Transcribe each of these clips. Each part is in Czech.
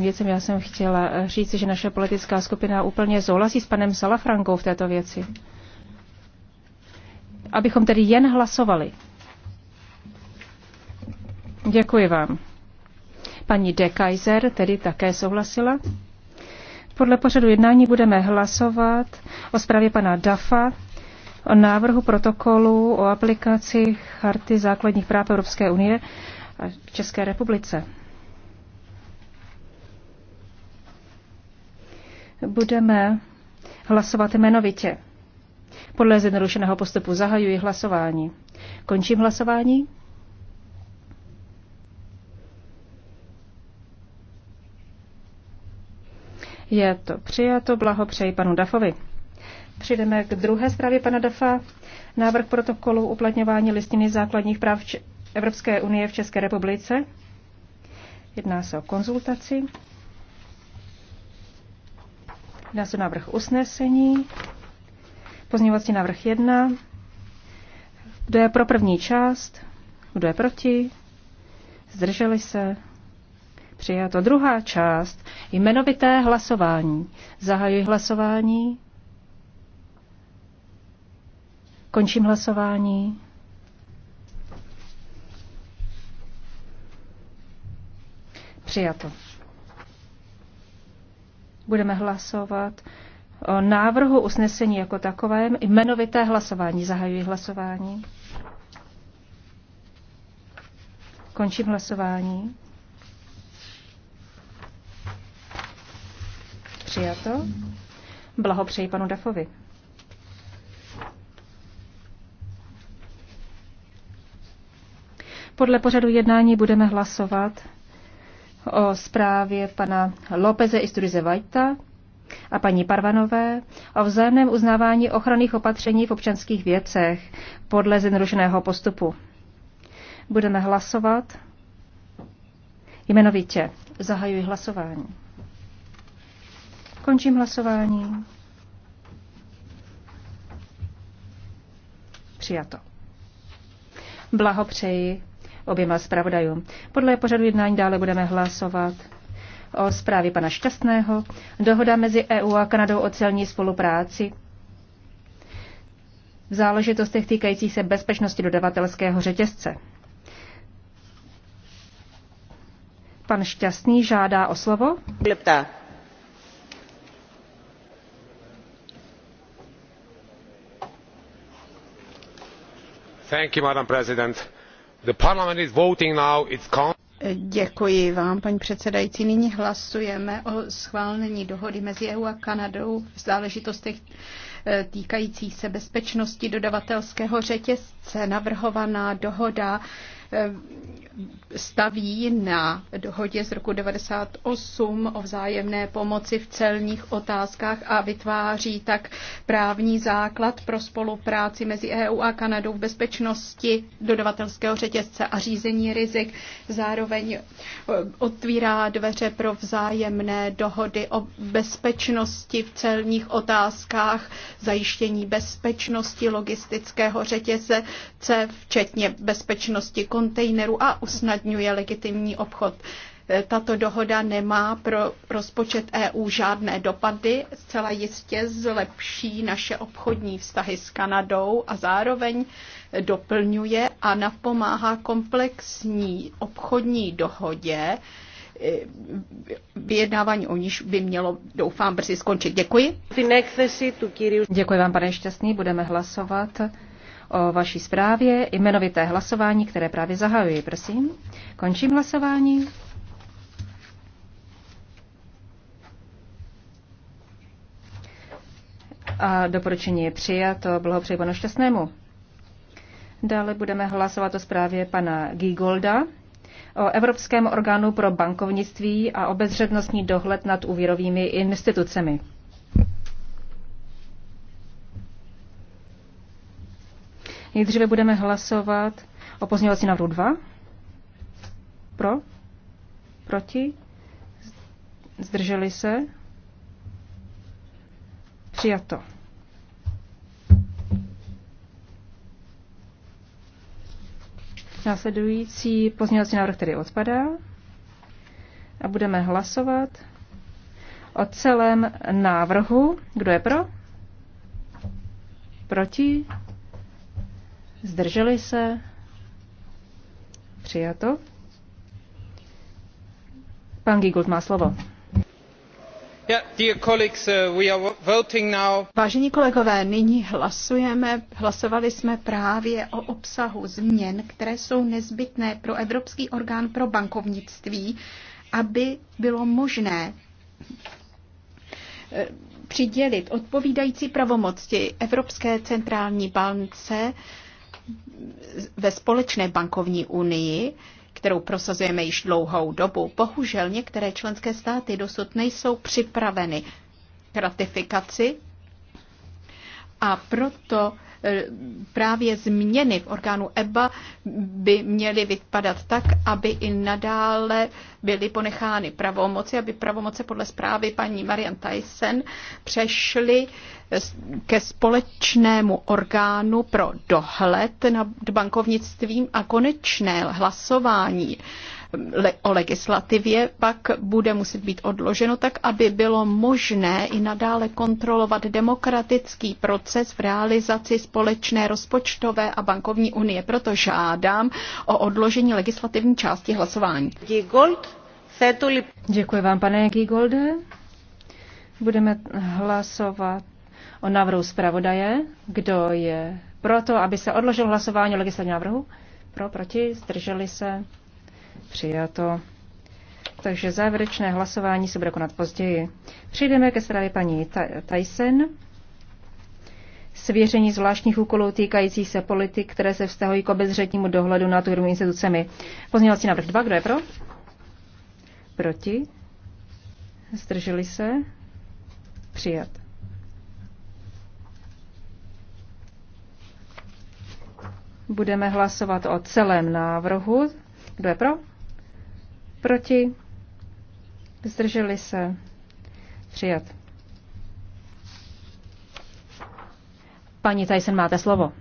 věcem. Já jsem chtěla eh, říct, že naše politická skupina úplně souhlasí s panem Salafrankou v této věci. Abychom tedy jen hlasovali. Děkuji vám. Paní De Kaiser tedy také souhlasila. Podle pořadu jednání budeme hlasovat o zprávě pana Dafa, o návrhu protokolu o aplikaci Charty základních práv Evropské unie v České republice. budeme hlasovat jmenovitě. Podle zjednodušeného postupu zahajuji hlasování. Končím hlasování. Je to přijato, blahopřeji panu Dafovi. Přijdeme k druhé zprávě pana Dafa. Návrh protokolu uplatňování listiny základních práv Evropské unie v České republice. Jedná se o konzultaci. Jedná se návrh usnesení. Pozměňovací návrh 1. Kdo je pro první část? Kdo je proti? Zdrželi se? Přijato. Druhá část. Jmenovité hlasování. Zahajuji hlasování. Končím hlasování. Přijato budeme hlasovat o návrhu usnesení jako takovém. Jmenovité hlasování. Zahajuji hlasování. Končím hlasování. Přijato. Blahopřeji panu Dafovi. Podle pořadu jednání budeme hlasovat o zprávě pana Lópeze Isturize Vajta a paní Parvanové o vzájemném uznávání ochranných opatření v občanských věcech podle zjednodušeného postupu. Budeme hlasovat jmenovitě. Zahajuji hlasování. Končím hlasování. Přijato. Blahopřeji oběma zpravodajům. Podle pořadu jednání dále budeme hlasovat o zprávě pana Šťastného, dohoda mezi EU a Kanadou o celní spolupráci v záležitostech týkajících se bezpečnosti dodavatelského řetězce. Pan Šťastný žádá o slovo. Lepta. Thank you, Madam President Děkuji vám, paní předsedající. Nyní hlasujeme o schválení dohody mezi EU a Kanadou v záležitostech e, týkajících se bezpečnosti dodavatelského řetězce. Navrhovaná dohoda e, staví na dohodě z roku 1998 o vzájemné pomoci v celních otázkách a vytváří tak právní základ pro spolupráci mezi EU a Kanadou v bezpečnosti dodavatelského řetězce a řízení rizik. Zároveň eh, otvírá dveře pro vzájemné dohody o bezpečnosti v celních otázkách, zajištění bezpečnosti logistického řetězce, včetně bezpečnosti kontejnerů a usnadňuje legitimní obchod. E, tato dohoda nemá pro rozpočet EU žádné dopady, zcela jistě zlepší naše obchodní vztahy s Kanadou a zároveň doplňuje a napomáhá komplexní obchodní dohodě, e, vyjednávání o níž by mělo, doufám, brzy skončit. Děkuji. Děkuji vám, pane Šťastný. Budeme hlasovat o vaší zprávě. Jmenovité hlasování, které právě zahajuji, prosím. Končím hlasování. A doporučení je přijato. Blahopřeji panu Šťastnému. Dále budeme hlasovat o zprávě pana Gigolda o Evropském orgánu pro bankovnictví a obezřednostní dohled nad úvěrovými institucemi. Nejdříve budeme hlasovat o pozměňovací návrhu 2. Pro? Proti? Zdrželi se? Přijato. Následující pozměňovací návrh tedy odpadá a budeme hlasovat o celém návrhu. Kdo je pro? Proti? Zdrželi se? Přijato. Pan Gigold má slovo. Uh, Vážení kolegové, nyní hlasujeme. Hlasovali jsme právě o obsahu změn, které jsou nezbytné pro Evropský orgán pro bankovnictví, aby bylo možné eh, přidělit odpovídající pravomoci Evropské centrální bance ve společné bankovní unii, kterou prosazujeme již dlouhou dobu, bohužel některé členské státy dosud nejsou připraveny k ratifikaci a proto Eh, právě změny v orgánu EBA by měly vypadat tak, aby i nadále byly ponechány pravomoci, aby pravomoce podle zprávy paní Marian Tyson přešly eh, ke společnému orgánu pro dohled nad bankovnictvím a konečné hlasování o legislativě pak bude muset být odloženo tak, aby bylo možné i nadále kontrolovat demokratický proces v realizaci společné rozpočtové a bankovní unie. Proto žádám o odložení legislativní části hlasování. Děkuji vám, pane Gigolde. Budeme hlasovat o návrhu zpravodaje. Kdo je proto, aby se odložil hlasování o legislativním návrhu? Pro, proti, zdrželi se. Přijato. Takže závěrečné hlasování se bude konat později. Přijdeme ke zprávě paní Tyson. Svěření zvláštních úkolů týkajících se politik, které se vztahují k obezřetnímu dohledu nad úrovní institucemi. Pozměňovací návrh 2. Kdo je pro? Proti? Zdrželi se? Přijat. Budeme hlasovat o celém návrhu. Kdo je pro? Proti? Zdrželi se? Přijat. Paní Tyson, máte slovo.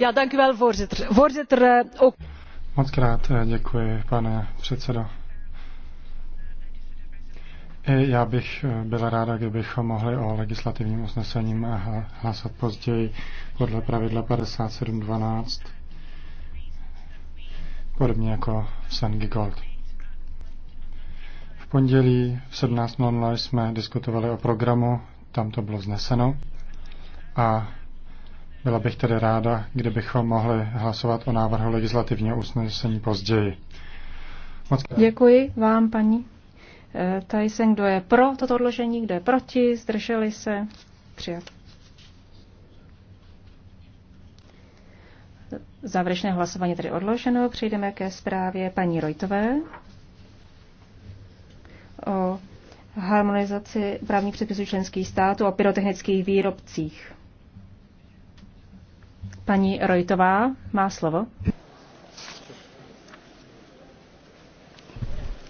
Já dank voorzitter. Voorzitter, eh, ook... Moc krát eh, děkuji, pane předsedo. Já bych eh, byla ráda, kdybychom mohli o legislativním usnesením hlasovat později podle pravidla 57.12, podobně jako v Sengi Gold. V pondělí v 17.00 jsme diskutovali o programu, tam to bylo zneseno a byla bych tedy ráda, kdybychom mohli hlasovat o návrhu legislativního usnesení později. Moc Děkuji vám, paní Eh, Tyson, kdo je pro toto odložení, kdo je proti, zdrželi se, přijat. Závěrečné hlasování tedy odloženo. Přejdeme ke zprávě paní Rojtové o harmonizaci právních předpisů členských států o pyrotechnických výrobcích. Paní Rojtová má slovo.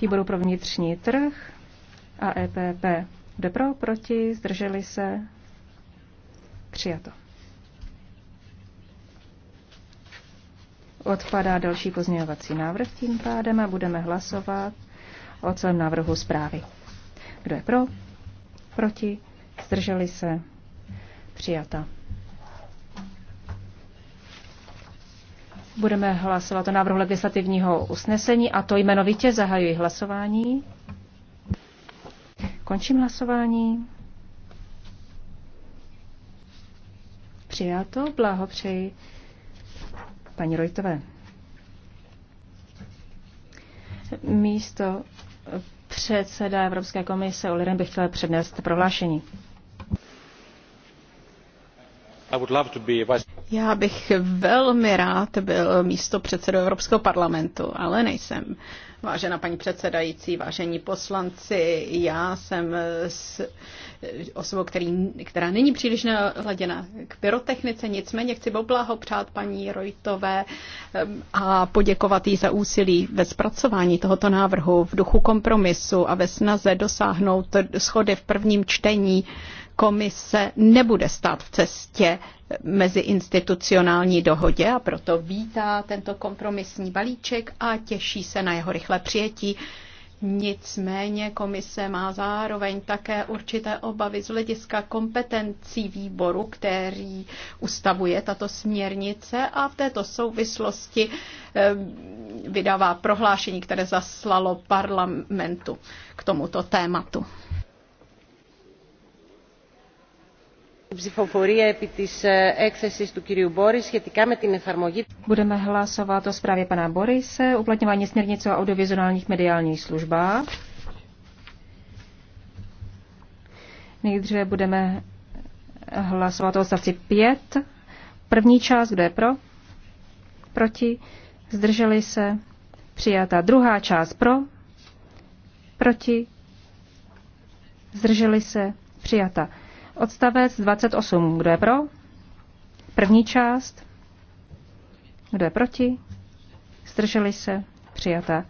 výboru pro vnitřní trh a EPP. Kde pro, proti, zdrželi se, přijato. Odpadá další pozměňovací návrh tím pádem a budeme hlasovat o celém návrhu zprávy. Kdo je pro? Proti? Zdrželi se? Přijata. Budeme hlasovat o návrhu legislativního usnesení a to jmenovitě zahajuji hlasování. Končím hlasování. Přijato, blahopřeji paní Rojtové. Místo předseda Evropské komise Oli bych chtěl přednést prohlášení. I would love to be vice já bych velmi rád byl místo předsedu Evropského parlamentu, ale nejsem. Vážená paní předsedající, vážení poslanci, já jsem s osobou, který, která není příliš naladěna k pyrotechnice, nicméně chci poblahopřát paní Rojtové ehm, a poděkovat jí za úsilí ve zpracování tohoto návrhu v duchu kompromisu a ve snaze dosáhnout schody v prvním čtení komise nebude stát v cestě mezi institucionální dohodě a proto vítá tento kompromisní balíček a těší se na jeho rychlé přijetí. Nicméně komise má zároveň také určité obavy z hlediska kompetencí výboru, který ustavuje tato směrnice a v této souvislosti ehm, vydává prohlášení, které zaslalo parlamentu k tomuto tématu. Budeme hlasovat o zprávě pana Borise, uplatňování směrnice o audiovizuálních mediálních službách. Nejdříve budeme hlasovat o stavci 5. První část, kdo je pro? Proti? Zdrželi se? Přijata. Druhá část pro? Proti? Zdrželi se? Přijata. Odstavec 28. Kdo je pro? První část. Kdo je proti? Zdrželi se? Přijata.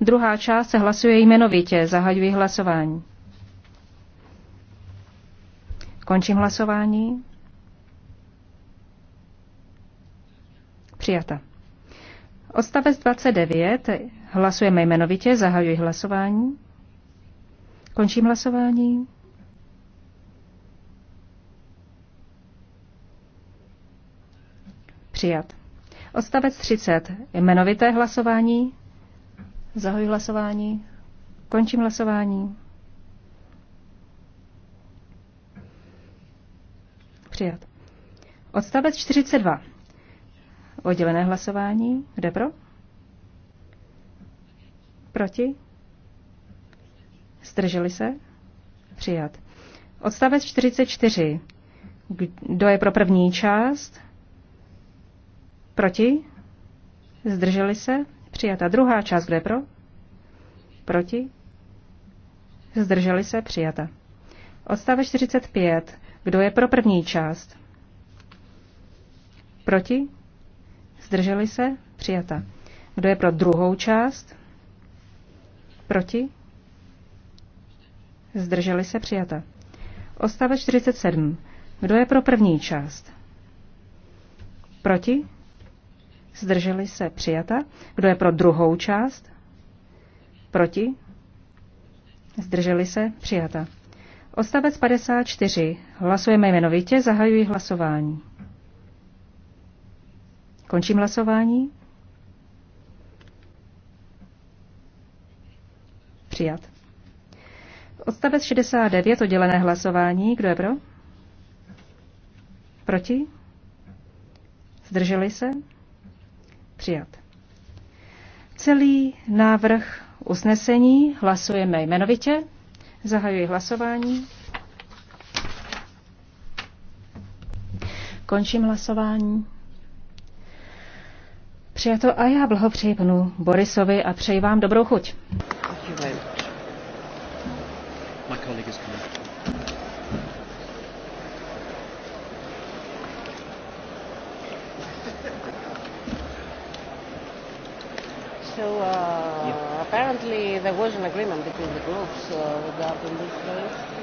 Druhá část se hlasuje jmenovitě. Zahajuji hlasování. Končím hlasování. Přijata. Odstavec 29. Hlasujeme jmenovitě. Zahajuji hlasování. Končím hlasování. Přijat. Odstavec 30. Jmenovité hlasování. Zahoji hlasování. Končím hlasování. Přijat. Odstavec 42. Oddělené hlasování. Kde pro? Proti? Zdrželi se? Přijat. Odstavec 44. Kdo je pro první část? Proti? Zdrželi se? Přijata druhá část, kde pro? Proti? Zdrželi se? Přijata. Odstave 45. Kdo je pro první část? Proti? Zdrželi se? Přijata. Kdo je pro druhou část? Proti? Zdrželi se? Přijata. Odstave 47. Kdo je pro první část? Proti? Zdrželi se přijata. Kdo je pro druhou část? Proti? Zdrželi se přijata. Odstavec 54. Hlasujeme jmenovitě. Zahajuji hlasování. Končím hlasování. Přijat. Odstavec 69. Oddělené hlasování. Kdo je pro? Proti? Zdrželi se? Přijat. Celý návrh usnesení hlasujeme jmenovitě. Zahajuji hlasování. Končím hlasování. Přijato a já blahopřeji panu Borisovi a přeji vám dobrou chuť. My colleague is coming. So uh, yeah. apparently there was an agreement between the groups uh, regarding this case.